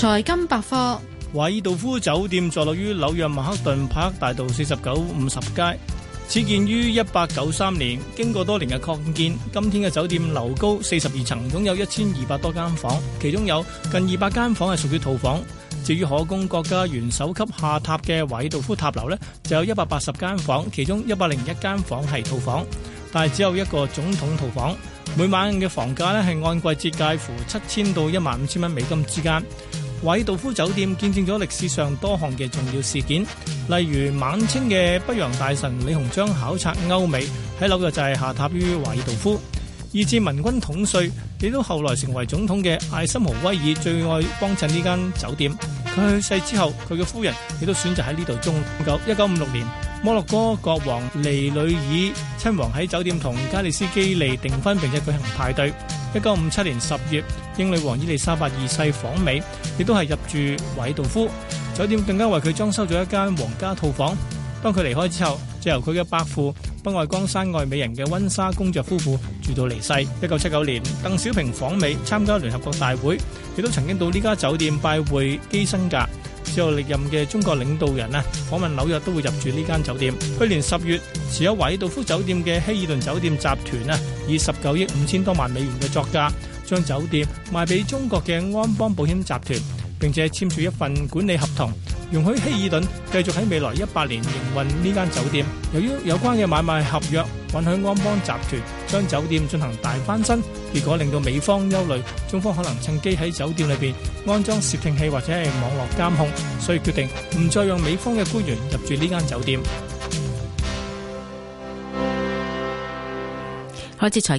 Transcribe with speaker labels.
Speaker 1: 財金百科，華爾道夫酒店坐落於紐約曼克頓派克大道四十九五十街，始建於一八九三年。經過多年嘅擴建，今天嘅酒店樓高四十二層，總有一千二百多間房，其中有近二百間房係屬於套房。至於可供國家元首級下榻嘅華爾道夫塔樓呢，就有一百八十間房，其中一百零一間房係套房，但係只有一個總統套房。每晚嘅房價呢，係按季節介乎七千到一萬五千蚊美金之間。華爾道夫酒店見證咗歷史上多項嘅重要事件，例如晚清嘅北洋大臣李鴻章考察歐美，喺紐約就係下榻於華爾道夫，以至民軍統帥亦都後來成為總統嘅艾森豪威爾最愛幫襯呢間酒店。佢去世之後，佢嘅夫人亦都選擇喺呢度終老。一九五六年，摩洛哥國王利里爾親王喺酒店同加利斯基利訂婚，並且舉行派對。一九五七年十月，英女王伊利莎白二世訪美，亦都係入住華爾道夫酒店，更加為佢裝修咗一間皇家套房。當佢離開之後，就由佢嘅伯父、不愛江山愛美人嘅温莎公爵夫婦住到離世。一九七九年，鄧小平訪美參加聯合國大會，亦都曾經到呢家酒店拜會基辛格。.有歷任嘅中國領導人咧，訪問紐約都會入住呢間酒店。去年十月，持有華爾道夫酒店嘅希爾頓酒店集團咧，以十九億五千多萬美元嘅作價，將酒店賣俾中國嘅安邦保險集團，並且簽署一份管理合同。容許希爾頓繼續喺未來一百年營運呢間酒店。由於有關嘅買賣合約允許安邦集團將酒店進行大翻新，結果令到美方憂慮，中方可能趁機喺酒店裏邊安裝竊聽器或者係網絡監控，所以決定唔再讓美方嘅官員入住呢間酒店。開始財經。